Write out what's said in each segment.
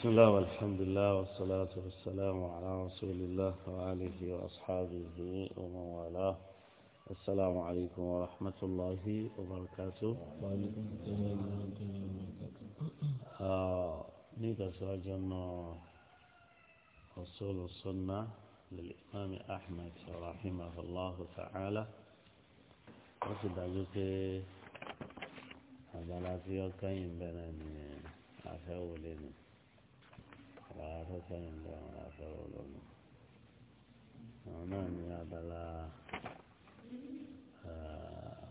بسم الله والحمد لله والصلاة والسلام على رسول الله وآله وأصحابه ومن والاه السلام عليكم ورحمة الله وبركاته وعليكم السلام ورحمة الله وبركاته آه السنة للإمام أحمد رحمه الله تعالى وقد أجوك هذا لا تيوكا ينبنى أفعول àkàrà tó sẹ́yìn lé àwọn afẹ́rò lónìí àwọn náà ní abala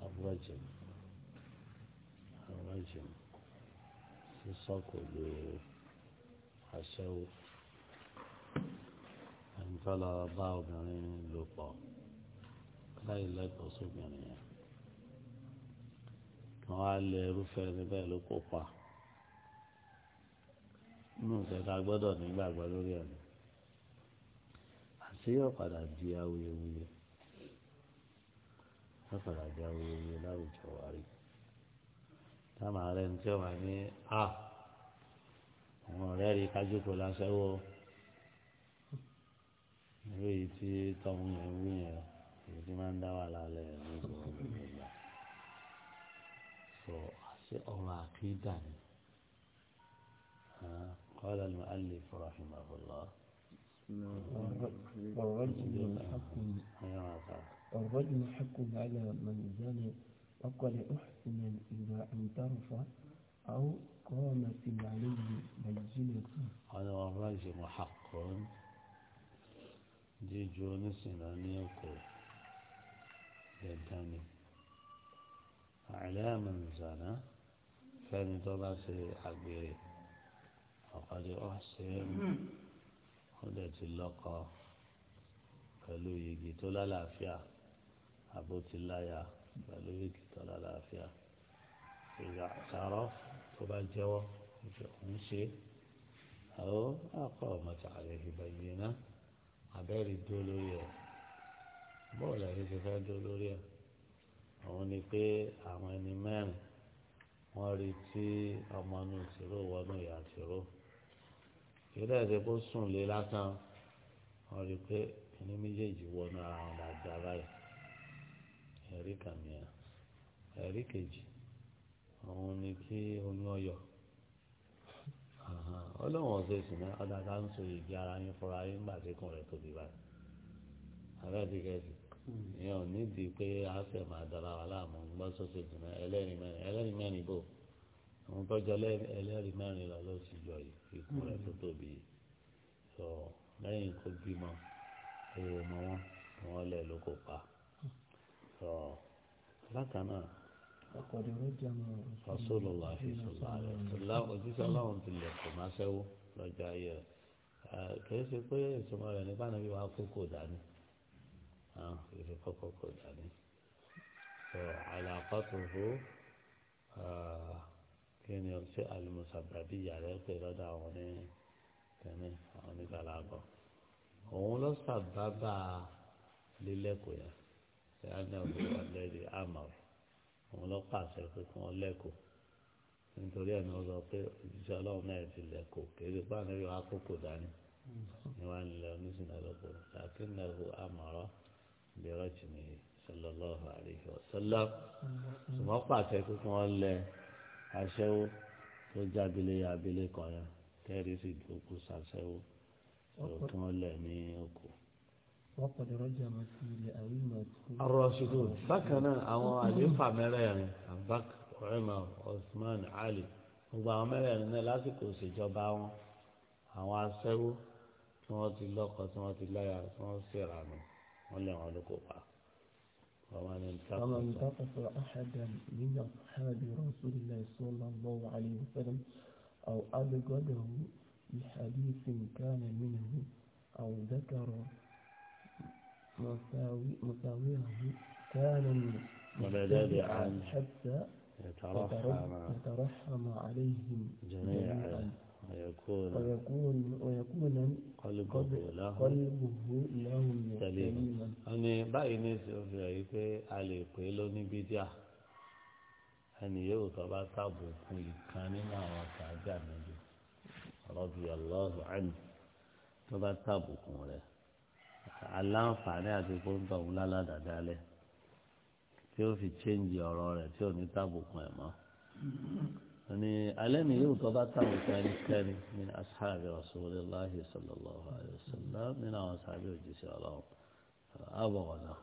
ọ̀rọ̀jìm ọ̀rọ̀jìm sísọ́kò lu aṣẹ́wó ẹni tó lọ bá obìnrin lò pọ̀ láì lẹ́tọ̀ọ́ sóbìnrin yẹn wọ́n á lé irúfẹ́ ẹni bẹ́ẹ̀ ló kópa inú ìṣẹ̀dá gbọ́dọ̀ nígbàgbọ́ lórí ẹ̀ àti yóò padà di awuyewuye yóò padà di awuyewuye láwùjọ wa rí táwọn ààrẹ ní tí ó wà ní a àwọn ọ̀rẹ́ rí kájókòó lásẹ̀wọ́ irú èyí tí tọ́mú yẹn wú yẹn èyí tí máa ń dá wà lálẹ́ ní gbogbo ìgbà sọ àti ọ̀rọ̀ àkídà ni. قال المؤلف رحمه الله والرجل حق الرجل حق على من زال وقد أحسن إذا انترف أو قامت عليه بينة قال والرجل حق دي جونس أن يقول يداني على من زال فإن تضع ọ̀kadì ọ̀sẹ̀m ọ̀dẹ̀ ti lọ́kọ pẹ̀lú yìgì tó lálàáfíà àbó ti láyà pẹ̀lú yìgì tó lálàáfíà ìgbà àtàrọ̀ tó bá jẹ́wọ́ ń ṣe àwọn akọ ọmọọta àlẹ ìbàyè náà abẹ́rẹ́ dúró lórí ẹ̀ bọ́ọ̀lù àti ti fẹ́ dúró lórí ẹ̀ àwọn ni pé àwọn ẹni mẹ́rin wọ́n rí tí ọmọ inú tìró wọnú ìyá tìró kí lóò ṣe kó sùn lé lásán wọn rí i pé ẹni méjèèjì wọnú ara wọn dáadáa báyìí ẹ̀rí kàmíà ẹ̀rí kejì òun ni kí oyún ọyọ ọlọ́wọ́n ọ̀sẹ̀ sì náà ọ̀dàdà ń so ìgbé ara yín fúnra yín gbà síkùn rẹ̀ tóbi báyìí aládìgẹ́sì ìyẹn ò nídìí pé a fẹ́ máa dára wa láàmú gbọ́ sọ́sẹ̀ jù ẹlẹ́rìí mẹ́rin ẹlẹ́rìí mẹ́rin bò àwọn tọ́jà ẹlẹ́rìí mẹ́rin lọ ló sì yọ ikú rẹ̀ tó tóbi yìí sọ lẹ́yìn kó bímọ ẹ̀yẹ ọmọ wọn wọn lẹ̀ ló kó pa sọ bákan náà fasolo wà fi sọlá rẹ sọlá òjíṣẹ́ Ọlọ́run ti lẹ̀ kó má sẹ́wó lọ́jọ́ ayé ẹ̀ kìí ṣe pé ìsúnmọ́ rẹ̀ nípa náà bí wàá kókó dání kìí ṣe kókó dání sọ àlàkọ́ tó fún kí ni o ṣe alimusabirabi yàrá pé lọ́dọ̀ àwọn ní tẹ̀mí àwọn ní kàlàbọ̀ òun ló sàbábà lílẹ́kọ̀ọ́ yẹn ṣe ánàbù ọ̀lẹ́dẹ̀ àmàrù òun ló pàṣẹ pé kí wọ́n lẹ́kọ̀ọ́ nítorí ẹ̀ ní wọ́n sọ pé òjíṣẹ́ ọlọ́run náà ti lẹ́kọ̀ọ́ kéde pàṣẹ yọ àkókò dání ni wọ́n ń lọ ní sinadọ́kọ̀ làkínàbù àmàrù bẹ̀rẹ̀ jìnnì sallallahu alaihi wasallam ṣùgbọ́n pàṣẹ pé kí wọ́n lẹ́kọ̀ọ́ aṣẹ́wó tó jábílé abílé kan yẹn tẹ́rì sì dúkú sàṣẹ́wó tó ń lẹ̀ ní oko. arọ́ṣidù bákan náà àwọn àlééfà mẹ́rẹ̀ẹ̀rin abak Umar Usman Ali gbogbo àwọn mẹ́rẹ̀ẹ̀rin náà lásìkò ìṣèjọba wọn àwọn aṣẹ́wó tí wọ́n ti lọ́kọ tí wọ́n ti láya tí wọ́n sì rà nù wọ́n lé wọn pa. ومن تقص أحدا من أصحاب رسول الله صلى الله عليه وسلم أو أبغضه بحديث كان منه أو ذكر مساويه كان مبتدئا حتى يترحم, يترحم عليهم جميعا ويكون قلبه له سليما أني báyìí ní ìsòfin àyè pé a lè pè é lóní bídíà ẹni yóò tó bá tàbùkù ìkan nínú àwọn sàájà méjì rọ́bì ọlọ́ọ̀sù ẹni tó bá tàbùkù rẹ̀ aláǹfààní àti pọ́ńtà òun lálàdàdálẹ̀ tí ó fi chéǹjì ọ̀rọ̀ rẹ̀ tí ò ní tàbùkù ẹ̀ mọ́. يعني علم يوضع طبعا ثاني ثاني من أصحاب رسول الله صلى الله عليه وسلم من أصحابه جزي الله أبغى له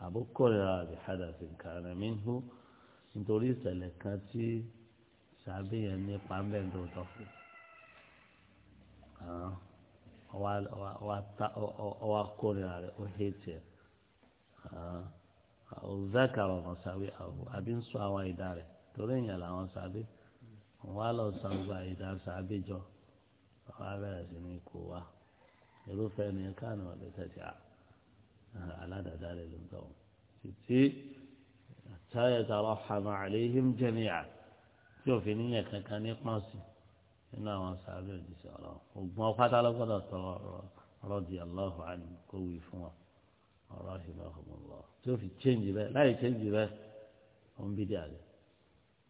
أبو كل بحدث كان منه nítorí ìṣẹ̀lẹ̀ kan tí sàbí yẹn ní pàmbẹ́ ń dòdò ọwọ́ akórira rẹ̀ ó hé tiẹ̀ ọ̀zákàrọ̀ ọ̀sàbí àbí ń sọ àwọn ìdá rẹ̀ torí ìyẹn làwọn sàbí wọ́n á lọ san gba ìdánsá abéjọ wọ́n á bẹ̀rẹ̀ sí ní kó wa irúfẹ́ ni káàní wọn lè tẹ̀sí aládàáda rẹ̀ ló ń tọ̀ títí táyà tààrà hàmà àléhìm jẹ́nìyà tí òfin níyẹn kankan ní pọ́ǹsì nínú àwọn sàbẹ̀ òjíṣẹ́ ọ̀rọ̀ ògbọ́n pátá lọ́gbọ́dọ̀ tọrọ ọ̀rọ̀ di aláhu àní kó wí fún wa ọ̀rọ̀ ìlọ́hùn mọ́ lọ tí ó fi bẹ́ẹ̀ láì chéǹjì bẹ́ẹ̀ ó ń bí díà rẹ̀.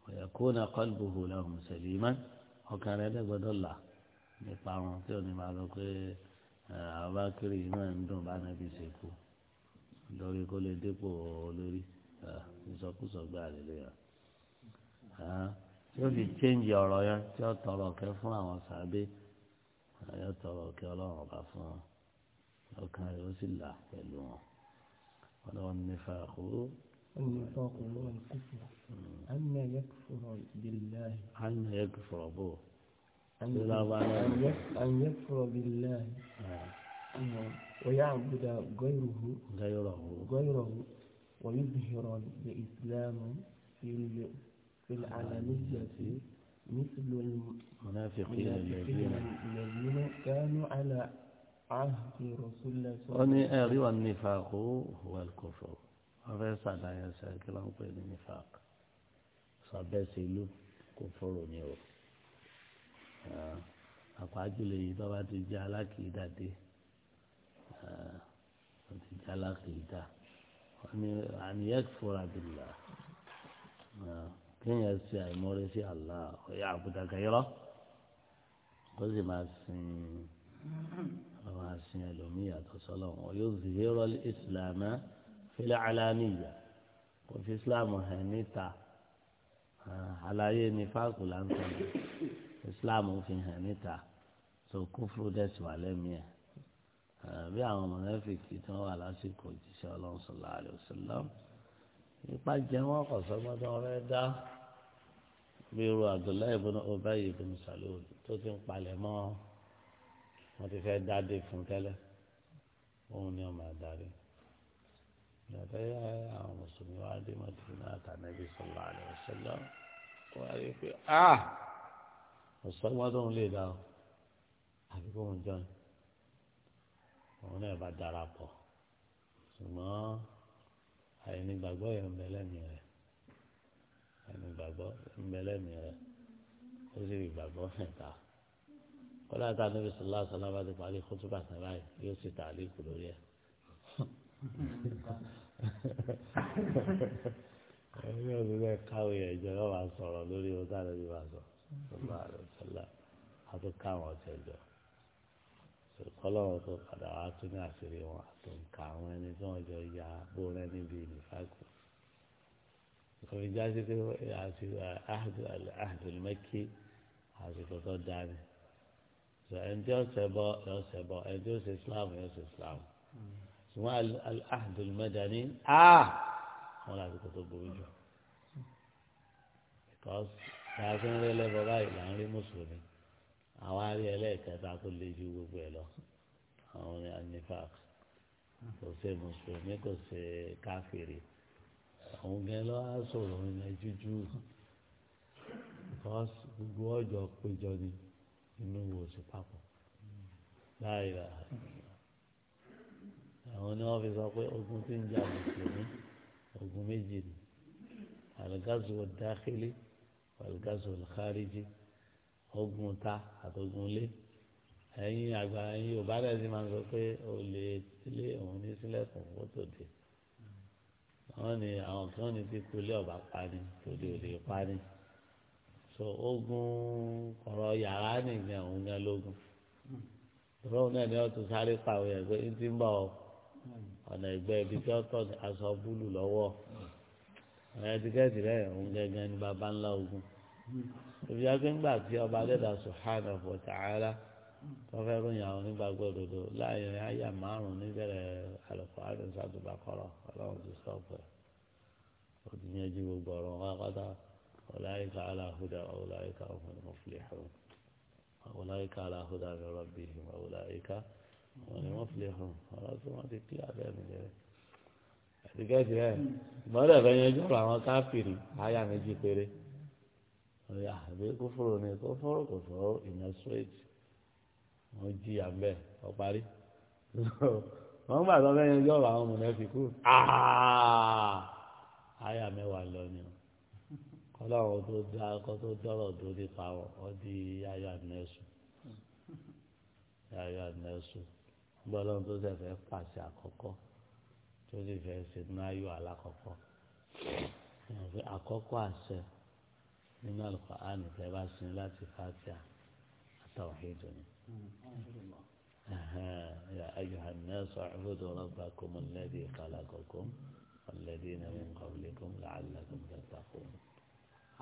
ويكون قلبه لهم سليما وكان يدعو الله nípa àwọn tí òní máa lọ pé àbákiri náà ń dùn bá nàbí ṣèkú lórí kó lè dépò olórí ìsọkúsọ gbà lélẹ̀ yẹn tí ó fi chéǹjì ọ̀rọ̀ yẹn tí ó tọrọ kẹ fún àwọn sàbẹ yóò tọrọ kẹ ọlọ́run ọba fún wọn ọkàn yóò sì là pẹ̀lú wọn wọn lọ nífà kó النفاق هو الكفر أن يكفر بالله أن يكفر أبوه أن يكفر بالله ويعبد غيره غيره غيره ويظهر الإسلام في في العالمية مثل المنافقين الذين كانوا على عهد رسول الله صلى الله عليه وسلم. النفاق هو الكفر. wọ́n fẹ́ sàdáyà sí akílọ̀ ń pè ní nifaq sàbẹ́sì ìlú kò fọ́rọ̀ ní o àpájùlẹ̀ yìí tó bá ti jẹ́ alákìídá dé wọ́n ti jẹ́ alákìídá wọ́n ní àníyàn fúra bìlà kéèyàn ṣe àìmọ́rí sí Allah ọ̀yà àbùdá kẹyọ́rọ́ ó sì máa sin máa sin ẹlòmíyàtọ̀ sọ́lọ́ wọn yóò zìhérọ́ ìsìlámẹ́ fílẹ̀ aláníyà kò fi islam hàn níta àlàyé ní fáàkù láǹtọ̀ islam fi hàn níta tó kúfúrú dẹ̀sí wà lẹ́mí ẹ̀ bí àwọn mọ̀nẹ́fìkì tí wọ́n wà lásìkò jíṣẹ́ ọlọ́run sọ̀lá àlùsọ̀lá ipa jẹ́ wọn kò sọ́mọ́tò ọ̀rẹ́ dá bí irú Abdullahi ibùnú Ubay ibùnú Salul tó ti ń palẹ̀ mọ́ wọn ti fẹ́ dá dé fún tẹ́lẹ̀ òun ni ọmọ adarí gbàtà yà àwọn mùsùlùmí wa dé Mádínà àtànàbí sọlá àlẹ ọsẹlẹ wọn á rí i pé a ah, ọsọ wọn tó ń lè dá o àbí kó ń jọ òun náà bá darapọ̀ ṣùgbọ́n àìnígbàgbọ́ yẹn ń bẹ lẹ́mìí rẹ̀ àìnígbàgbọ́ ń bẹ lẹ́mìí rẹ̀ ó sì rí ìgbàgbọ́ hàn ká kọ́lá tá a níbi sọlá sọlá bá ti parí kótó bàtà báyìí yóò sì tà á lé kù lórí ẹni ọdún náà káwé ẹjọ́ yóò máa sọ̀rọ̀ lórí ohun tá a lè máa sọ ọba rẹ sọlá a tún káwọn ọ̀sẹ̀ jọ kọlọ́wọ́ tó padà wá tún ní àṣírí wọn àtúnkà àwọn ẹni tí wọ́n jọ ya bóra níbi ìnìfàkù òun jáde pé àhùdùn mẹ́kì àsìkò tó dání ẹni tí ó ṣẹbọ ẹni tí ó ṣe Islam ẹ ó ṣe Islam ṣùgbọ́n al-ahdul madani ah wọn làbí kò tó burú jù because ṣáàfin rí ẹlẹ́bọ̀ báyìí là ń rí mùsùlùmí àwọn arí ẹlẹ́ẹ̀kẹta tó lé ju gbogbo ẹ̀ lọ àwọn ní anifak kò ṣe mùsùlùmí kò ṣe káfíìrì àwọn gan lọ á sọ̀rọ̀ ìyẹn jújú because gbogbo ọjọ́ péjọ ni inú wo sí papọ̀ láì rà àwọn ni wọ́n fi sọ pé ogun tí ń jà mùsùlùmí ogun méjì ni algazu dákìlì algazu kárìjì ogun ta àti ogun lé ẹ̀yin àgbà ẹ̀yin yorùbá rẹ̀ sì máa ń sọ pé olè sílé òun ní sílẹ̀kùn fótó dé wọ́n ní àwọn kan ní ti kulé ọ̀bà pani tòde òde pani so ogun ọ̀rọ̀ yàrá nìyẹn òun yẹn lógun ìrọ̀rùn náà ni wọ́n sáré pàwé ẹ̀ pé ń ti ń bọ̀ ọ́ ọ̀nà ìgbẹ́ ibi tí ọ̀tọ̀ aṣọ búlù lọ́wọ́ àwọn ẹtikẹ́tì rẹ̀ òun gẹ́gẹ́ ní baba ńlá ogun ìfi ọgbẹ́ ńgbà tí ọba adẹ́dà subhanahu wa ta'ala tó fẹ́ ròyìn àwọn onígbàgbọ́ òdodo láàyè àyà márùn-ún níbẹ̀rẹ̀ àlùkò àdùn sàdùbà kọ́rọ̀ ọlọ́run ti sọ pé ó ti yanjú gbogbo ọ̀rọ̀ wọn kọ́tà ọ̀làyíká aláhùdà ọ̀làyíká ọ̀hún ọ̀fìlẹ̀ aláhùdà rẹ̀ rọ̀ bíi ọ̀làyíká wọn wọn fi lè hàn ọ̀rọ̀ tí wọ́n ti kí abẹ́ mi lẹ́rẹ̀ àtìkẹ́tì ẹ̀ gbọ́dọ̀ fẹ́ yanjú ọ̀rọ̀ àwọn káfíìrì àyà méjì péré ọ̀yà àbí kófòrò ni kófòrò kò fọ́ ìyẹn straight wọ́n jí abẹ́ ọ parí wọ́n gbà tó fẹ́ yanjú ọ̀rọ̀ àwọn mọ̀lẹ́fì kú àyà mẹ́wàá lọ ni kọ́láwọn tó dá kọ́ tó dọ́rọ̀ dórí pa ọ́ di àyà mẹ́sùn bọ́lá tó sẹ̀fẹ̀ pàṣẹ àkọ́kọ́ tó sì fẹ́ ṣe náyọ̀ alákọ̀ọ́kọ́ àkọ́kọ́ àṣẹ nínú Al-Qur'an tẹ́ bá sin láti fàtíà التوحيد يا أيها الناس اعبدوا ربكم الذي خلقكم والذين من قبلكم لعلكم تتقون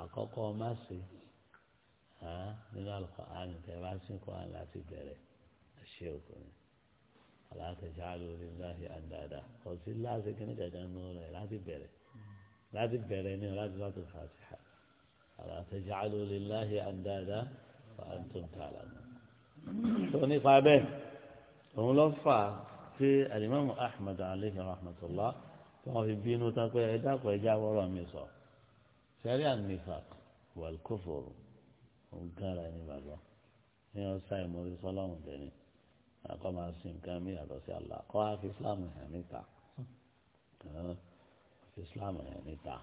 àkọ́kọ́ má ṣe nínú Al-Qur'an tẹ́ bá sin Qur'an láti bẹ̀rẹ̀ ṣé òkùnrin aláàtẹ̀sẹ̀ alóríláhi àdáadá kò sí láti kíní kankan nù rẹ̀ láti bẹ̀rẹ̀ láti bẹ̀rẹ̀ ní láti láti fàṣà aláàtẹ̀sẹ̀ alóríláhi àdáadá fàǹtùm tààlàmù. tó nípa bẹ́ẹ̀ òun ló fà á pé alimami ahmed alayhi rahmatulah tí wọ́n fi bínú tán pé ẹ dákọ̀ ẹ já wọ́rọ̀ mi sọ sẹ́rí ànífàk wàlúkófòrò òun ẹni bàbá ní ọ̀sán ìmọ̀rí akọ́ máa sin nǹkan mí yàtọ̀ sí Allah kọ́ á fi Islam hàn níta fi Islam hàn níta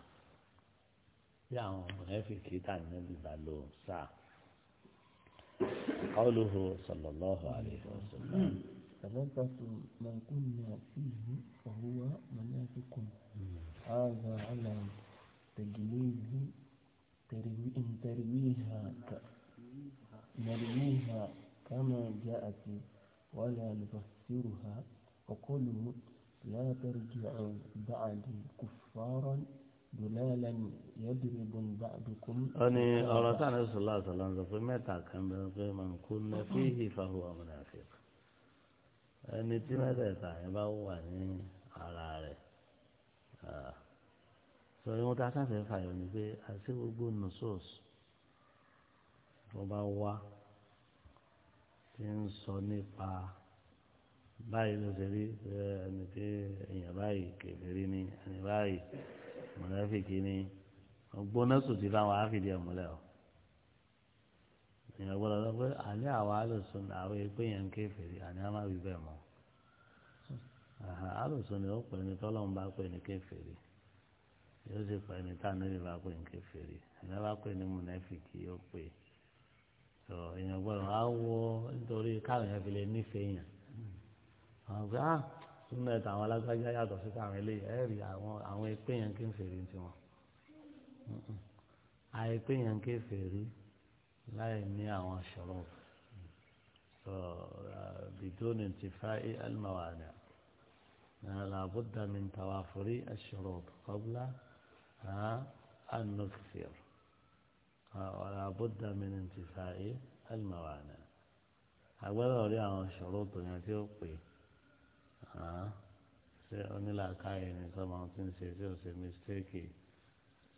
bí àwọn mọ̀lẹ́fì kìtà níbi bá lò sáà qawluhu sallallahu alayhi wa sallam. ثلاثة من كنا فيه فهو منافق هذا على تجليده ترويها نرويها كما جاءت ولا نفسرها وقولوا لا ترجعوا بعدي كفارا dùlẹ́lẹ́ ni yẹ́dìrì bùn bá dùkún. ó ní ọ̀rọ̀ tí àná sọ̀rọ̀ àṣàlá ń sọ pé mẹ́ta kan bẹ́ẹ̀ pé màá kú ní fíhì fáwọn ọmọ náà fi kù. ẹni tí mẹ́tẹ̀ẹ̀ta yẹn bá wà ní ara rẹ̀ sọ ohun tí a káfẹ́ fàyọ ni pé àti gbogbo nùsọ̀ọ̀sì wọ́n bá wá tí ń sọ nípa báyìí ló ṣe rí ẹni pé èèyàn báyìí kèfèrí ni ẹni báyìí mọ̀lẹ́fìkì ni ọgbọ́n náà sùn ti fáwọn àfìdí ẹ̀ múlẹ̀ o èèyàn gbọ́dọ̀ lọ pé àlẹ́ àwọn alòsùn ni àwọn èèyàn pé èèyàn ń kèfèrí àní á má wí mọ́ alòsùn ni ó pè tọ́lọ́mù bá pè ní kèfèrí yóò sì pè ní bá pè ní kèfèrí ẹ̀yìn bá pè ní mọ̀lẹ́fìkì yóò pè tó èèyàn gbọ́dọ̀ á wọ nítorí káwọn èèyàn fi lè nífẹ̀ẹ́ yàn àwọn pé ah súnmọ́ ẹ̀ta àwọn alágbájá yàtọ̀ sí káwọn eléyìí ẹ̀rì àwọn àwọn ẹgbẹ́ yẹn kí n fèrè tiwọn àìpé yẹn kí n fèrè láì ní àwọn ṣòro tó bìdóni ti fa almawana làbúdà mi tàwa forí aṣòro kọ́bùlà an nukfir. ولا بد من انتفاء الموانع agbẹ́rẹ́ ọ̀rí àwọn ìṣòro tó yẹn tí ó pè ṣé onílàákàyè ni sọmọ tí ń ṣe tí ó ṣe mistéèkì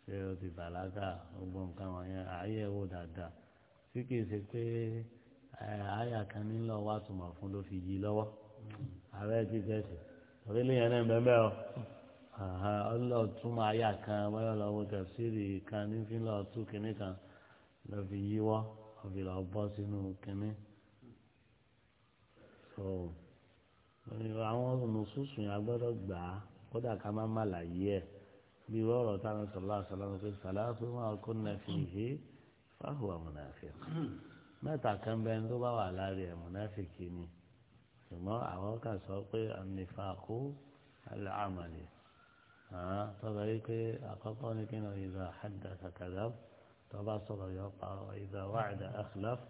ṣé ó ti bàlágà gbogbo nǹkan wọ̀nyẹn àyẹ̀wò dáadáa tí kì í ṣe pé àyà kan nílò wà tùmọ̀ fún ló fi yí lọ́wọ́ ààrẹ ti gẹ̀ẹ́sì orílẹ̀ yẹn náà bẹ́ẹ̀ bẹ́ẹ̀ o ọlọ́ọ̀tún máa yà kan báyọ̀ lọ́wọ́ tẹ̀síìrì kan ní fílọ̀ ọ̀tún kìíní kan lọ fi yíwọ́ ọ̀fìlà bọ́ sínú kìíní. àwọn nùsùsù yẹn agbọ́dọ̀ gbà á kódà ká má má làyé ẹ̀ bí wọ́n ọ̀rọ̀ táwọn sọ̀lá sọ̀lá pé sàlàáfíà máa kó nà fi hé fáwọn àmùnàfẹ́ mẹ́ta kan bẹ́ẹ̀ tó bá wà lára ẹ̀ kìíní ṣùgbọ́n àwọn kà sọ pé àmì fàákó alẹ́ àmàlẹ́ tọ́ba yìí pé àkọ́kọ́ ní kí ni ìdá haddatha kadhab tọ́ba sọ̀rọ̀ yọ parọ́ ìdá wa'ada akhlaf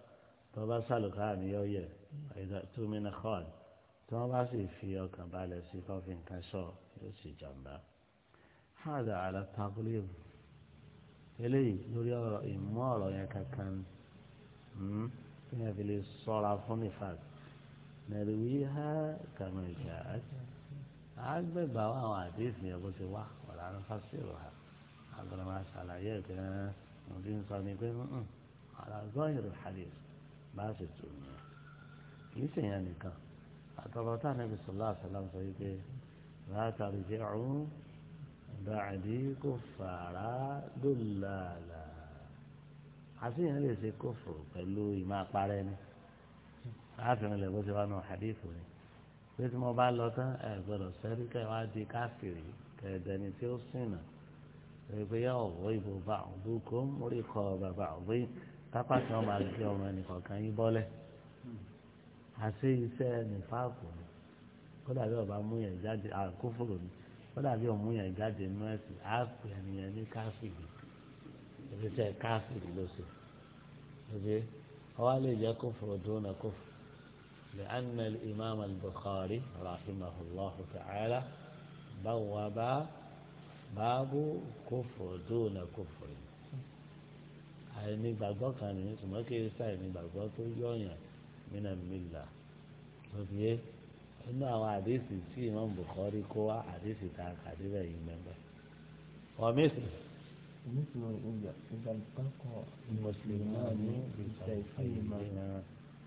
tọ́ba sàlùkà ni yọ yẹ ìdá túmínà kọ́ọ̀lù tí wọ́n bá sì fi ọkàn balẹ̀ sí kọ́fí nǹkan sọ yóò sì jàmbá. hàdà àlà takulim eléyìí lórí ọ̀rọ̀ ìmọ̀ ọ̀rọ̀ yẹn kankan hmm, kí ni a fi lè sọ́ra fún nìfàk nàìjíríà kàmẹ́jà àti àgbẹ̀gbà wa àwọn àdéhùn yẹn bó ṣe wá ọ̀rọ̀ àrùnfàṣẹ́rò ha àgbọ̀dọ̀ máa ṣàlàyé ẹ̀kẹ́ mo fi ń sọ ni pé àlàzọ́yìn rẹ̀ hadith bá ṣe tù mí kìí ṣe yẹn nìkan àtọ̀rọ̀ tá níbi sọ̀lá àṣàlám sọ wípé látàrí jẹ́ ọ̀hún bàdí kò fàrà dòlàlà àti yẹn lè ṣe kófò pẹ̀lú ìmọ̀ apárẹ́ ni láàfin ilẹ̀ bó wá nù hadith ni pé tí mo bá lọ tán ẹ gbọ́dọ̀ sẹ́rí kẹ́ wá di káfíìrì kẹ̀ẹ́dẹ́ni tí ó sìnà pé yá ọ̀wọ́ ìbò bá ọ̀dún kó ń mórí kọ bàbá ọ̀dún tápá tí wọ́n máa gé ọmọ ẹnìkọ̀ọ̀kan yín bọ́lẹ̀ àti iṣẹ́ nìfààfù ni ó dàbí ọba mú yẹn jáde àkófòrò ni ó dàbí ọmú yẹn jáde nínú ẹ̀sìn á ẹnìyẹn ní káfíìrì ìṣiṣẹ́ káfíìrì ló ṣe ọwọ́ lè jẹ́ kófòrò dúró náà kófòrò. لأن الإمام البخاري رحمه الله تعالى بوب باب كفر دون كفر àìnígbàgbọ́ kan ní ṣùgbọ́n kí ẹsẹ̀ àìnígbàgbọ́ tó yọ̀yàn nínú mílà lóbi yé nínú àwọn àdéhìsì tí Imam Bukhari kó wá àdéhìsì tá a kàdé bẹ́ẹ̀ yìí mẹ́mbẹ́. ọ̀mísì. ọ̀mísì ìgbà ìgbà ìpákọ̀ ìmọ̀sílẹ̀ náà ní ìṣẹ̀fẹ̀ ìmọ̀ náà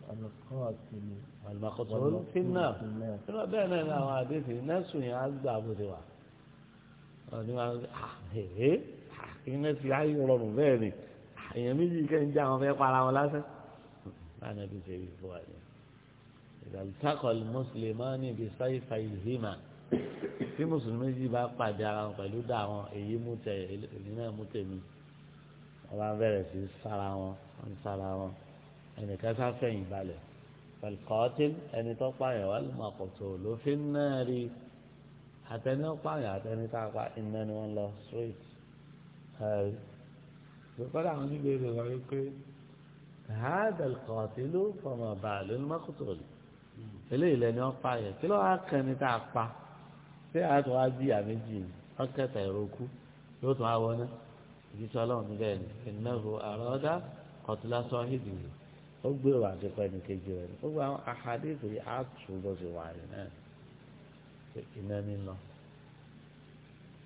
alùpàkọ́tò fínà fínà bẹ́ẹ̀ náà ni àwọn àdéhùn nẹ́sùn yẹn á gbà bó ti wà ọ̀nà wa ẹ̀ẹ́ iná ti ayé rọrùn bẹ́ẹ̀ ni ah, èèyàn méjì kẹ́hìndé àwọn fẹ́ para wọn lásán láàánú ẹbí ṣe rí fún wa ni ìdàlùtàkọ̀lù mùsùlùmí bí sáyífà ìhìmà tí mùsùlùmí méjì bá pàdé ara wọn sára wọn ẹnìkan sáfẹ̀yìn balẹ̀ pẹ̀lúkọ́tì ẹni tó pààyàn wà lùmọ̀ àkọ́tò ló fi ń náà rí àtẹni ó pààyàn àtẹni tá a pa iná ni wọ́n lọ straight. lùkọ́dà àwọn oníbèrè wọ́n rí pé هذا القاتل فما بال المقتول eléyìí lẹni ó pààyàn kí ló wá kẹni tá a pa ṣé àtúwá bíyà méjì ọkẹtà ìrókù yóò tún á wọná ìdíṣẹ́ ọlọ́run níbẹ̀ ni ìnáwó àrọ́dá kọ̀tùlá sọ hídìí ó gbèrò àti pẹ́ni kejì rẹ̀ ní gbogbo àwọn àhàdìsì yìí á wà yìí náà ṣe iná ní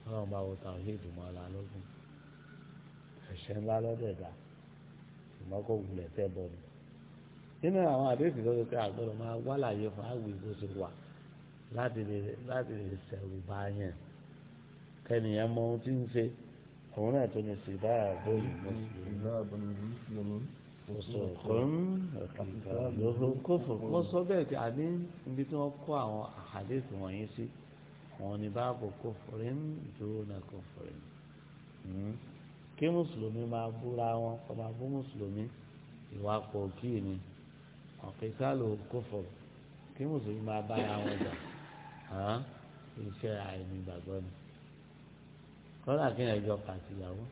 ọlọ́run bá wo tàwọn ilé ìdùnnú ọ̀la ẹ̀ṣẹ̀ ńlá lọ́dọ̀ ṣùgbọ́n kò wulẹ̀ tẹ́ bọ̀ ni nínú àwọn àdéhùn tó ṣe pé àgbọ̀dọ̀ máa wá láàyè fún àwì bó ṣe wà láti lè ṣẹ̀rù bá yẹn kẹ́nìyàn mọ ohun tí ń ṣe òun náà tó ní sí báyà bóyá mùsùlùmí mùsùlùkùn lóhùn kófò wọ́n sọ bẹ́ẹ̀ tí a ní ibi tí wọ́n kó àwọn àhàdéètì wọ̀nyí sí wọn ni báàbò kófòrín dúnà kófòrín hmm. kí mùsùlùmí máa búra wọn kó máa bú mùsùlùmí ìwà pọ̀ kí ni ọ̀kẹ́sàlò kófò kí mùsùlùmí máa bára wọn jà iṣẹ́ àìní ìgbàgbọ́ ni kọ́lá kí ni ẹjọ́ pàtìyàwó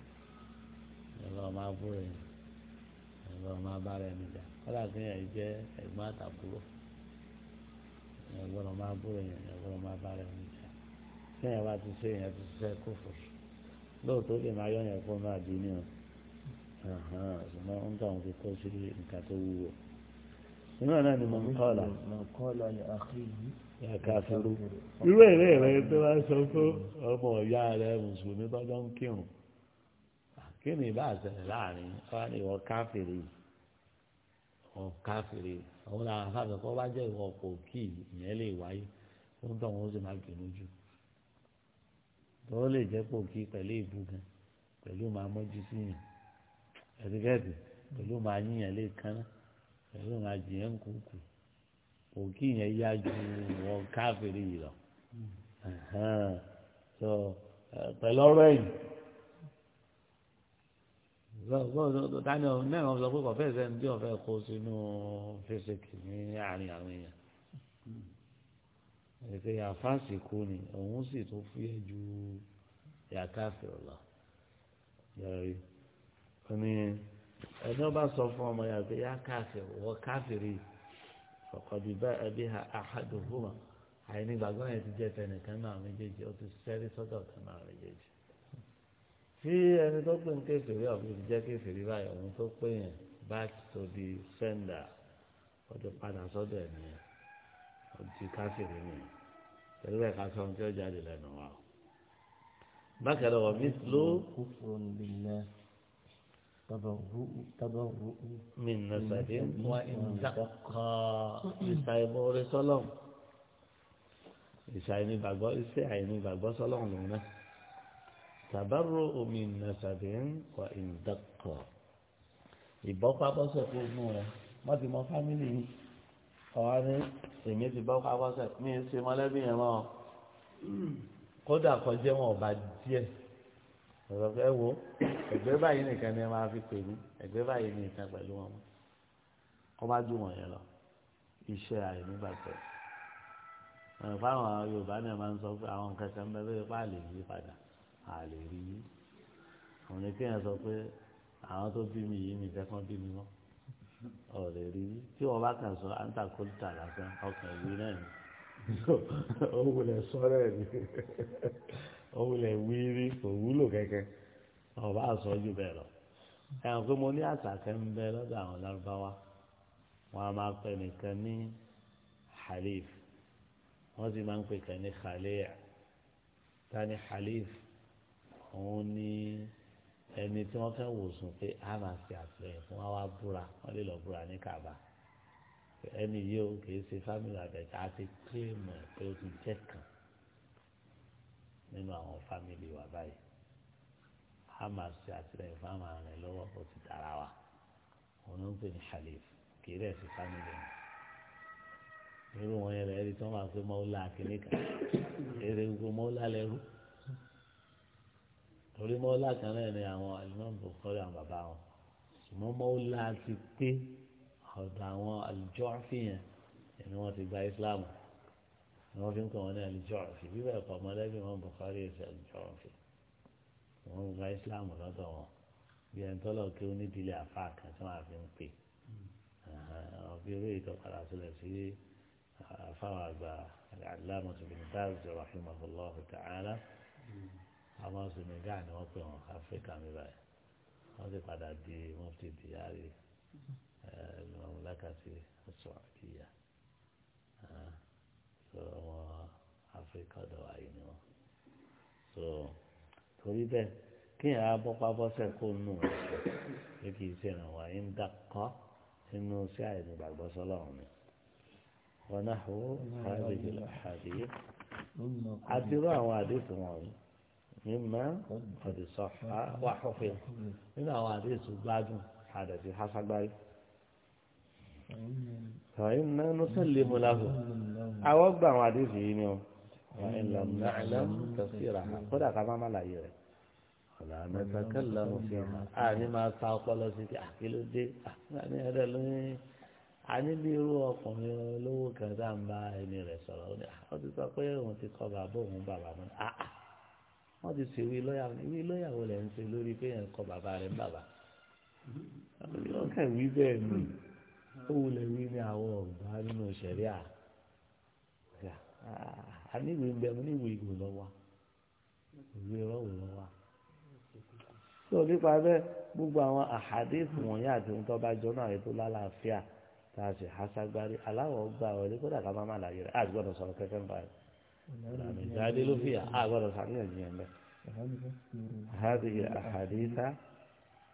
ẹ̀rọ máa búra yẹn ọ̀rọ̀ máa bá rẹ̀ nìjà kọ́lá kí yẹn jẹ́ ẹ̀gbọ́n àtàkùrọ̀ ẹ̀gbọ́n máa búrò yẹn ẹ̀gbọ́n máa bá rẹ̀ nìjà kí yẹn bá ti ṣe yẹn ti ṣe kó fò lóòótọ́ lè máa yọ yẹn kó máa dín ní o ṣùgbọ́n ó ń tàn fi kó sí nǹkan tó wúwo. inú ọ̀nà ni mo ń kọ́ ọ̀la. yàkà irú èrè rẹ tó bá sọ fún ọmọ ìyá rẹ mùsùlùmí tọ́jọ́ ń kírun kí ni ìbá àṣẹlẹ̀ láàrin ọ̀rá ni ìwọ káfìrí ìwọ káfìrí àwọn làwọn afáfẹ́ kọ́ bá jẹ́ ìwọ kò kí ìyẹn lè wáyé ó ń tọ̀ wọ́n sì máa gbè lójú tọ́wọ́ lè jẹ́ pò kí pẹ̀lú ìbùkún pẹ̀lú máa mọ́jú sí yàn ẹ̀dígẹ́dì pẹ̀lú máa yíyàn lè kánná pẹ̀lú máa jìyàn kúkú kò kí ìyẹn yá ju ìwọ káfìrí yìí lọ pẹ̀lú ọ̀rọ̀ ẹ̀yìn daniel náà sọ pé kọfẹ sẹni tí wọn fẹ́ kó sínú fèsìkì ní àárín àwọn èèyàn ètò hmm. yàfáàsì kú ni òun sì tún fúyẹ́ ju yàkáfẹ lọ yọrí ẹni ẹni ọba sọ fún ọmọ yàtọ yàkáfẹ wọ káfìrí ọkọdì bá ẹbí ha àhàdùn fún wa àìní gbàgbọ́ yẹn ti jẹ́ tẹnìkan náà méjèèjì ó ti sẹ́rí sọ́dọ̀ kan náà méjèèjì tí ẹni tó pè ń kéferì ọ̀hún ti jẹ́ kéferì báyìí ọ̀hún tó pè yẹn back to the sender ọdún padà sọ́dọ̀ ẹ̀ nìyẹn ọdún káfíìrì nìyẹn pẹ̀lú ẹ̀ka sọ ohun tí ó jáde lẹ́nu wa. bákan náà wọ́n fi ló. kúfùrún lílẹ̀ tabaru. mi nà sàdé wá ìdàkọ̀ ìsàìmọ̀ orí sọ́lọ̀ ìsàìmọ̀ ìgbàgbọ́ ìsẹ́ àìmọ̀ ìgbàgbọ́ sọ́lọ̀ lòun náà. تبرؤ من نسب وإن دق ìbọ́pá bọ́sẹ̀ kó gún rẹ̀ wọ́n ti mọ fámìlì yìí ọ̀wá ní èmi ti bọ́pá bọ́sẹ̀ mi ń ṣe mọ́lẹ́bí yẹn mọ́ kódà kọjá wọn ọba díẹ̀ ọ̀rọ̀ ẹ wo ẹgbẹ́ báyìí nìkan ni ẹ máa fi pè mí ẹgbẹ́ báyìí nìkan pẹ̀lú wọn mọ́ kọ́ bá jù wọ̀n lọ iṣẹ́ àìnígbàgbẹ́ fáwọn Yorùbá náà máa ń sọ pé àwọn kẹsàn-án bẹ́ẹ̀ bá lè yí padà àlè rí yí òun ni kéèyàn sọ pé àwọn tó bí mi yìí mi fẹ́ kán bí mi mọ́ ọ̀rẹ́ rí yí tí wọ́n bá kàn sọ àǹtà kólítà lásán ọkàn ìwé náà ni ó wulẹ̀ sọ́rọ̀ ni ó wulẹ̀ wí rí kò wúlò kẹ́kẹ́ ọba àsọ jù bẹ́ẹ̀ lọ ẹ̀hàn pé mo ní àtàkẹ́ ń lọ́dọ̀ àwọn lárúbáwá wọn a máa pè nìkan ní halif wọ́n sì máa ń pè kàn ní khalif ta ni halif òun ni ẹni tí wọ́n fẹ́ wòsàn pé a máa ṣe àtìlẹ́yìn fún wa wá búra wọ́n lè lọ búra ní kàbá ẹni yìí ó kìí ṣe fámìlì àbẹ̀tẹ̀ àti kílèmù ẹ̀ pé ó ti jẹ́ kan nínú àwọn fámìlì wa báyìí a máa ṣe àtìlẹ́yìn fún àwọn àrùn lọ́wọ́ kò ti dára wa òun ló ń pè ní halif kìí rẹ̀ ṣe fámìlì mi irú wọn yẹn lẹ́yìn tí wọ́n máa ń pè mọ́wúlá kìnìkan eré gbogbo mọ́wúlá lẹ́rú torí mọ́lá kan náà ni àwọn alimami bukori àwọn bàbá wọn ṣùgbọ́n mọ́lá ti pé ọ̀dọ̀ àwọn alìjọ́ọ̀fì yẹn ni wọ́n ti gba islam ni wọ́n fi ń pè wọ́n ní alìjọ́ọ̀fì bíbẹ̀ ẹ̀kọ́ ọmọlẹ́bí wọn bukori ẹ̀sẹ̀ alìjọ́ọ̀fì wọ́n gba islam lọ́dọ̀ wọn bí ẹni tọ́lọ̀ kí ó nídìílé àfa kan tí wọ́n á fi ń pè ọ̀bí eré ìtọ́padà sílẹ̀ sí àfáwọn àgbà aláàmọ̀tò bíi àwọn senegal ni wọ́n pè wọn áfíríkà mi báyìí wọ́n ti padà di eh, ah, wọ́n ti di àárẹ̀ ẹ̀ẹ́dùn lákàtí ọ̀sọ̀ àkìyà so ọmọ áfíríkà dọ̀wà yìí ni wọ́n so torí bẹ́ẹ̀ kí ẹ̀ abọ́pábọ́sẹ̀ kó nù ẹ̀ kì í ṣe ìrànwọ́ ẹ̀ ń dàkọ́ sínú sí àìsàn ìgbàgbọ́ sọ́lọ́run ni wọn náà ó ń sáré jùlọ àdéhùn àti irú àwọn àdéhùn wọn yìí mímọ́ ọ̀dẹ̀sọ̀ wà fọ́fẹ́ nínú àwọn àdéhùn gbádùn àdẹ̀sí háságbárí. sọ̀rọ̀ náà ló sẹ́lẹ̀ mọ́ láàbò àwọn gba àwọn àdéhùn yìí ni ó wà ilà nàìlà tẹ̀síra kódà ká má má láàyè rẹ̀ ọ̀là mẹ́tàkẹ́ lọ́rùn fi hàn àní máa ta ọpọlọ sí àkílódé àní ẹ̀rẹ́ lóyún àní bí irú ọkùnrin olówó kan tá à ń bá ẹni rẹ̀ sọ̀rọ̀ ó ti sọ pé òun ti kọ́ bàbá òun bàbá mọ́ àà wọ́n ti ṣe ìwé lọ́yà ìwé lọ́yà wo lẹ̀ ń ṣe lórí pé yẹn kọ bàbá rẹ̀ ń bàbá wọ́n kàn wí bẹ́ẹ̀ ni ó wulẹ̀ wí ní àwọn ọ̀gá nínú ṣẹ̀ríà a níwèé ń bẹ mo níwèé ìwé lọ́wọ́ ìwé rọ́wọ́ lọ́wọ́ tó nípa bẹ́ẹ̀ gbogbo àwọn àhàdéèfù wọ̀nyí àti ohun tó bá jọ náà ètò lálàáfíà tá a sì háságbárí aláwọ̀ gbà wọlé kódà ká má má láyé rẹ̀ àti gbọ́dọ̀ sọ̀rọ̀ kẹ́kẹ́ ń báyìí. الجادل فيها أقول الحقيقة جيدا هذه الأحاديث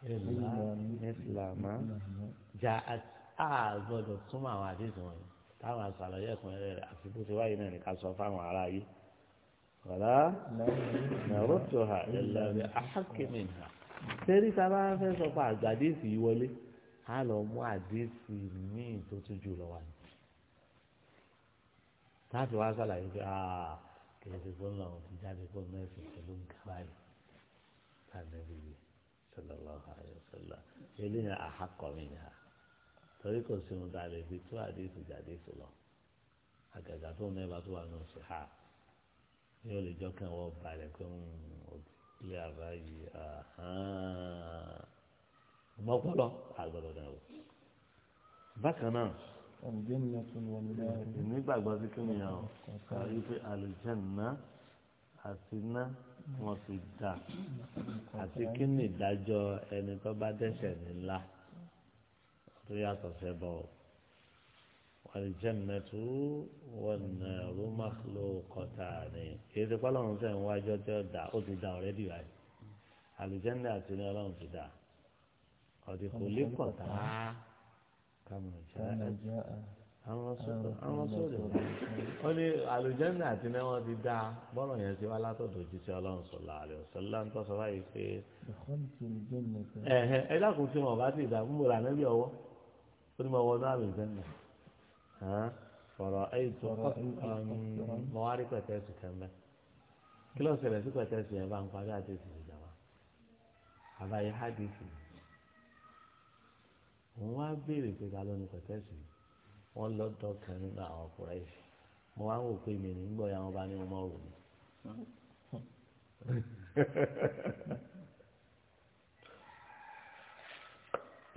إلا مثل ما جاءت أعبد ثم وعديث وين táwọn àṣàlàyẹ̀kùn rẹ̀ àfi bó ti wáyé náà ní ká sọ fáwọn ará yìí wàlá nàró tó ha ìlànà àhákìmì ha sẹ́rí tá a bá fẹ́ sọ pé àgbàdìsí yìí wọlé á lọ mú àdìsí míì tó tún jù lọ wá ní láti wá sàlàyé pé aa ah, kìí ṣe fún lọ́wọ́ ti jáde fún mẹ́sìn pẹ̀lú gàbáyé tàbí sallallahu alayhi wa sallam eléyàn àhakọ̀ mi ni ha torí kò sí ohun tá a lè fi tó àdéhùn jáde sí lọ àgàgà tó ní ẹbá tó wà ní oṣù ha yóò lè jọ kí wọ́n balẹ̀ pé hmm, ilé àbá yìí ọmọkúlọ àgbọ̀dọ̀ náà bákan náà nígbàgbọ́ sí kíni ọ̀ kárí pé àlùjànnà àti iná wọn ti dà àti kíni ìdájọ́ ẹni tó bá dẹ́ṣẹ̀ nílá tó yàtọ̀ sẹ́bọ̀ àlùjànnà tó wọn nà ẹ̀rọ kọta ni èyí ti pálọ̀ ọ̀hún sẹ́yìn wájọ́ tó dà ó ti dà ọ̀rẹ́dì wáyé àlùjànnà àti iná ọlọ́run ti dà ọ̀dìkò lè kọ̀tà. kama jaa àwọn sọ́ọ̀dì ó ní àlùjẹ́nà àti náà wọ́n ti dáa bọ́ọ̀lù yẹn ti wá látọ̀dọ̀ òjíṣẹ́ ọlọ́run sọ̀lá rẹ̀ ọ̀sọ́lá ń tọ́sọ báyìí pé ẹ dákun tí wọn bá ti dà fún bòlá níbi ọwọ́ ó ní mo wọ náà àlùjẹ́nà fọ̀rọ̀ ẹ̀yìn tó mọ wá rí pẹ̀tẹ́sì kan bẹ́ẹ̀ kí ló ṣẹlẹ̀ òun wá béèrè pé ta ló ní pẹ̀tẹ́sì wọ́n lọ dọ́kan nínú àwọn ọkùnrin yìí wọ́n wá wò pé mi ní gbọ́ ya wọn bá ní ọmọ òun.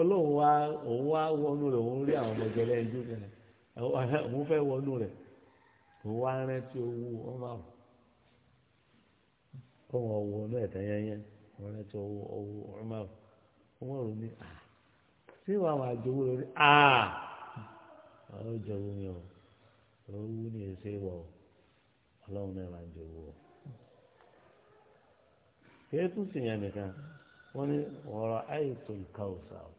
olóhùn wa òun wá wọnú rẹ̀ òun rí àwọn ọmọ ìjẹlẹ̀ ẹjú kẹlẹ̀ òun fẹ́ wọnú rẹ̀ òun wá rántí owó ọmọ àwọn kọ́ wọn wọnú ẹ̀tẹ́yẹyẹ òun rántí owó ọmọ àwọn ọmọ òun ní à. Ah, ṣé wàá wàá jowó lórí àà àwọn jowó ni o owó ni èsè wọ ọlọ́run náà máa ń jowó o. kéétù sì yẹn nìkan wọ́n ní ọ̀rọ̀ àìtó ìkàwùsà o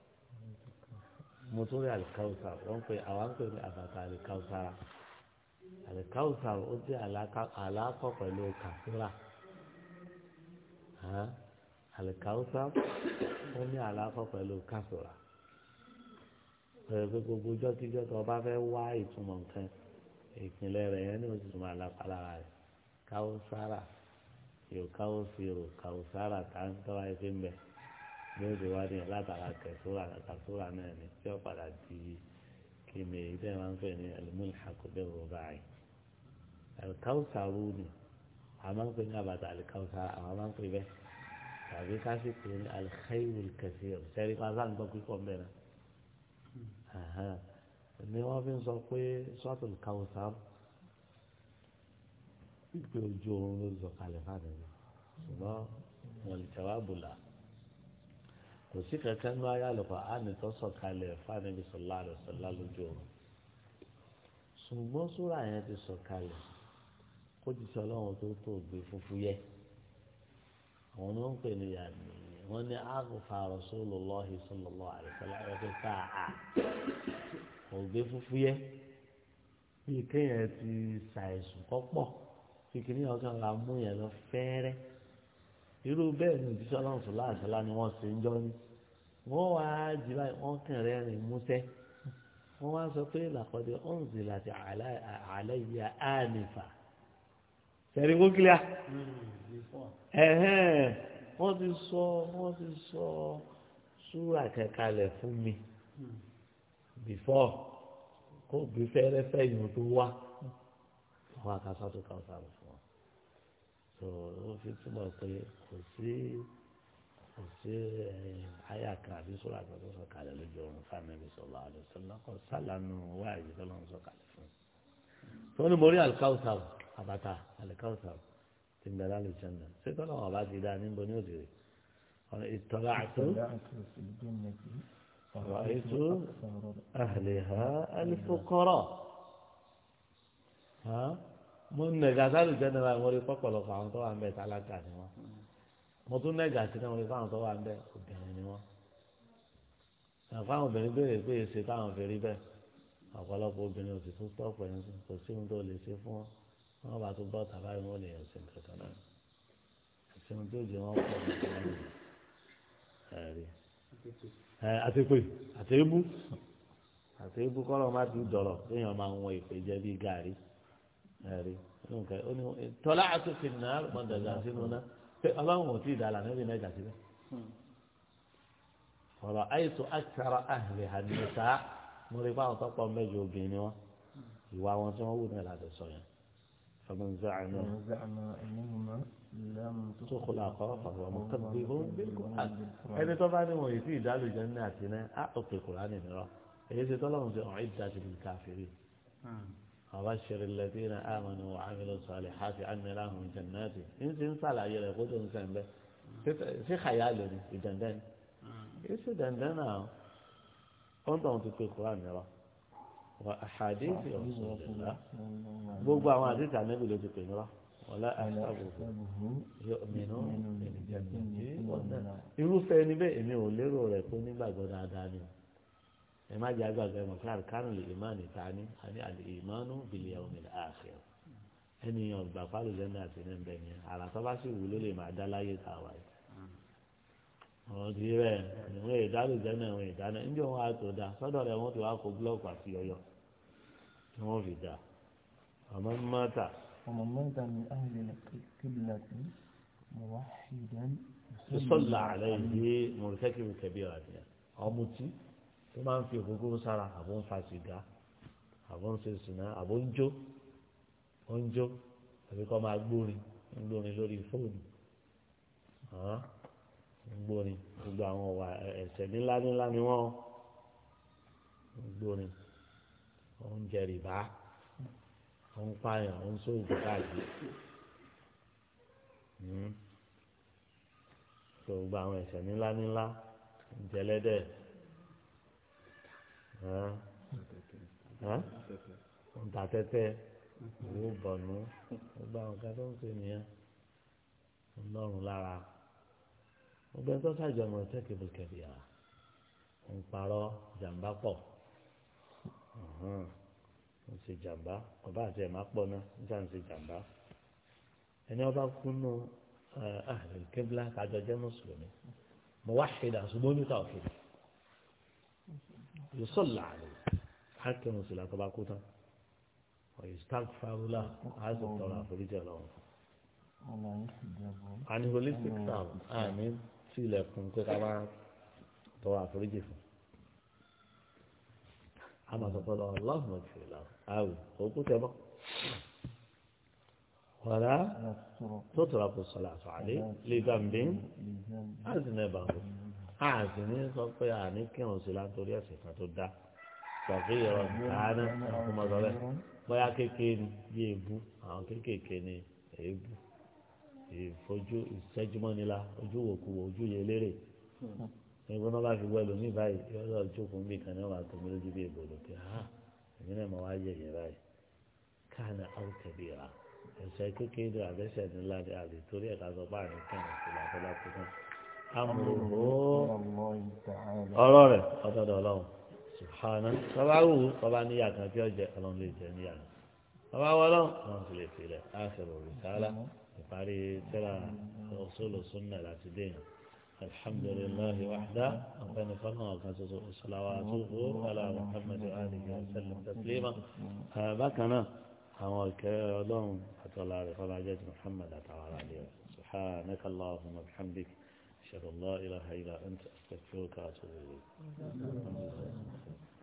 mo tún rí àlìkàwùsà wọ́n pe àwọn pè ní àbàtà àlìkàwùsà àlìkàwùsà ó jẹ́ àlàkọ̀ pẹ̀lú kàfírà àlìkàwùsà ó ní àlàkọ̀ pẹ̀lú kàfírà pé gbogbo ọjọ́ tíjọ́ tó bá fẹ́ wá ìtumọ̀ nǹkan ìpínlẹ̀ rẹ̀ yẹn ní oṣù máa lápalára rẹ̀ káwó sára yóò káwó sí rò káwó sára táńtọ́ àìsí mbẹ́ ní oṣù wá ní látara kẹsúrà kàsúrà náà ní tí ó padà di kí mi èyí tẹ́ máa ń pè ní ẹlòmíràn àkọ́bẹ̀ rọ̀bà yìí ẹ̀káwó sàrú ni àwọn máa ń pè ní àbàtà àlìkáwó sára àwọn máa ń pè bẹ́ẹ̀ tàbí ká pè ní alìkáyìwò kẹsì ọ̀sẹ́rí pàṣẹ àgbọ̀ pípọ̀ mbẹ́ náà ni wọ́n fi ń sọ pé sọ́tún kawusar pípé ojú oorun ló zọ kalẹ̀ fáàdé mi ṣùgbọ́n wọn lè tẹ̀wá bùlà kò sí kankan ní ayé àlùkò àmì tó sọ kalẹ̀ fáàdé mi sọ̀lá rẹ̀ sọ̀lá lójú oorun ṣùgbọ́n súrà yẹn ti sọ kalẹ̀ kó ti sọ ọlọ́run tó tó gbé fúfú yẹ àwọn ni wọ́n ń pè ní yàrá wọ́n ní àgùfà Rasulullahi sallallahu alaihi wasallam ọ̀kẹ́ sáà ògbé fúfúyẹ́ bíi kéèyàn ti ṣàìsùn kọ́pọ̀ tí kìnìún ọ̀kan la mú yẹn lọ fẹ́ẹ́rẹ́ irú bẹ́ẹ̀ ni ìdíṣẹ́ ọlọ́run sọ̀lá àṣálá ni wọ́n ṣe ń jọ ní wọ́n wá jí báyìí wọ́n kàn rẹ́ músẹ́ wọ́n wá sọ pé làkọ́dé ọ̀nzì láti àlẹ́ yìí àánìfà sẹ́rí wókìlá ẹ̀hẹ́n wọ́n ti sọ wọ́n ti sọ súrà kẹkalẹ̀ fún mi before kó gbé fẹ́rẹ́fẹ́ yìí tó wá wọn àkàtà tó kà ó sàrò fún wa tó ó fi túmọ̀ pé kò sí kò sí eh, àyà kan àbí súrà kan tó sọ kalẹ̀ lójú ọ̀run fámẹ́lì sọ̀rọ̀ àdùsọ̀lọ́ kọ́ sálánù wáyé tó lọ́n sọ kalẹ̀ fún un tó ní mo rí alikawusa àbàtà alikawusa ti ń bẹ lálùjọ náà ṣé tọ́lá wọn bá ti dá níbo ní òdìrí ọ̀nà ìtọ́lá àtó ọ̀rọ̀ ètò àhàlẹ́hà alifokọ́rọ̀ mo ń nẹ̀gà sálùjọ náà mo rí pọ̀pọ̀lọpọ̀ àwọn tó wà ń bẹ tálákà ni wọn mo tún nẹ̀gà sí náà mo rí fáwọn tó wà ń bẹ obìnrin ni wọn àfáwọn obìnrin béèrè pé èsì táwọn fi rí bẹ́ẹ̀ ọ̀pọ̀lọpọ̀ obìnrin ò sì tún tọ́pọ̀ ẹ̀ kò sí ohun tó lè ṣe fún wọn wọn bá tún bọ́ tàbá yìí wọn lè yàn sí nǹkan kan náà ìsinmi tó jẹ wọn pọ̀ nǹkan náà ẹ̀rí àtẹ̀pẹ̀ àtẹ̀ébú àtẹ̀ébú kọ́lọ́ má ti dọ̀rọ̀ kéèyàn máa ń wọ ìpèjẹ́ bíi gàrí ẹ̀rí tọ́lá àtúnfin náà mọ̀ dàgbà sínú náà pé ọlọ́run ò tí ì dàlà níbi mẹ́ta síbẹ̀ ọ̀rọ̀ àìsàn àkàrà àhìlẹ̀ àdìmẹ́ta mo rí i pé àwọn tó mẹ́jọ obìnrin wọn ìwà wọn tí wọ́n wù náà láti فمن زعم فمن زعم أنهما لم تخلقا فهو مكذب بالقرآن هذا طبعا هو يفيد على جناتنا أعطي القرآن نرى إذا طلبهم أعدت للكافرين وبشر الذين آمنوا وعملوا الصالحات أن لهم جنات إنسان صالح يقول إنسان به في خياله يدندن إيش يدندن آه. أنت أنت في القرآن رب wà àhàdé gbogbo àwọn àdéhùn ànábì ló ti pè ní wa wọlé àṣàbùkù yóò mìíràn irúfẹ́ ẹni bẹ́ẹ̀ èmi ò lérò rẹ̀ kó nígbàgbọ́ dáadáa ni ẹ má jẹ́ àgbàgbà ẹ̀mọ̀ kíláàrì kánú lè ìmáàní ta ni àní àlè ìmáànú bìlẹ̀ omi àṣẹ ẹnìyàn gbàgbà lójẹ́ náà sí ní bẹ́ẹ̀ yẹn àràtọ́ bá sì wù lè máa dá láyé tàwa yìí àwọn ti rẹ ìwé ìdálùjẹ náà ìwé ìdáná níbi wọn á tó da sọ́dọ̀ rẹ̀ wọn ti wá kó búlọọkù àti yọyọ tí wọn fi da ọmọ mọta. ọmọ mọta ni àìlè kíbla tí mo wá sí dán. sísọlá àlẹ yìí mọlùkẹ́kì mi kẹ̀bí ọ̀rọ̀ àti ọmọ tí tó máa ń fi òkúkú sára àbó ń fa sìgá àbó ń ṣe sìnà àbó ń jó ń jó àbí kọ́ máa gbórin ń gbórin lórí fóònù gbórin gbogbo àwọn ọ̀wà ẹ̀ṣẹ̀ ńlá ńlá ni wọ́n gbórin òun jẹ rìbá òun pààyàn òun sóògùn káàkiri hmm. gbogbo àwọn ẹ̀ṣẹ̀ ńlá ńlá jẹlẹ́dẹ̀ ọ̀ǹtà tẹ́tẹ́ owó bọ̀nú gbogbo àwọn kan tó ń pè nìyẹn ńlọrùn lára gbogbo ẹni tó ṣàjọ ọmọ ẹ̀tẹ́ kébùl kẹ̀bì à ń parọ́ jàǹbá pọ̀ ń ṣe jàǹbá ọba àti ẹ̀ má pọ̀ náà ń ṣà ń ṣe jàǹbá ẹni ọba kúnnú ààrẹ eh, kébìlà kájọ jẹ́ mùsùlùmí mo wá ṣẹlẹ̀ àṣùgbọ́n níta òkè yóò sọ̀ láàrin akẹ́rùn sí làtọ́ kú tán ìsítàkfàrúlà àti tọrọ àforíjì ọlọ́run. àníwọlé six thousand sí ilẹ̀kùn pé ká máa tọrọ àforíjì fún a máa sọ fọlọ ọlọ́run ọ̀tí ìlà àwò òkú tẹ mọ́ wàrà tó tọrọ kò sọlá àfààní lè dàmbí á sì náà bàbá á sì ní sọ pé àní kírun sí látorí ẹ̀sìn kan tó dá ṣàfihàn ọ̀tá náà bóyá kékeré bí èébú àwọn kéékèèké ni èébú ìfojú ìsẹ́júmọ́nila ojú wòkúwò ojú yẹlẹ́rẹ̀ hmm. nígbà náà bá fi wẹ́ lómi báyìí yọ lọ jókòó níbi kan náà wà tó mi lójú bí èbò lókè ha èmi náà mọ̀ wá yẹ yẹ báyìí káàní àwùtẹ̀bí ra ẹ̀sẹ̀ kékeré àbẹ́sẹ̀ ńlá ni àbí torí ẹ̀ka sọ bá àrùn kẹrin ìfìlà àtọ́lá tó náà amúlòmó ọ̀rọ̀ rẹ̀ ọ̀dọ́dọ̀ ọlọ́run subhana bàbá wù bàbá níyà kan tí ó ọlọ́run lè jẹ níyà bàbá wọlọ́run ọlọ́run sì lè fi rẹ̀ áṣẹ فعليه ترى أصول السنة العتدين الحمد لله وحده أبني فرنا وقصص صلواته على محمد وآله وسلم تسليما بكنا حوال كيرضون حتى الله رفض عجاج محمد تعالى عليه سبحانك اللهم بحمدك ان لا إله إلا أنت أستكفرك أتوب إليك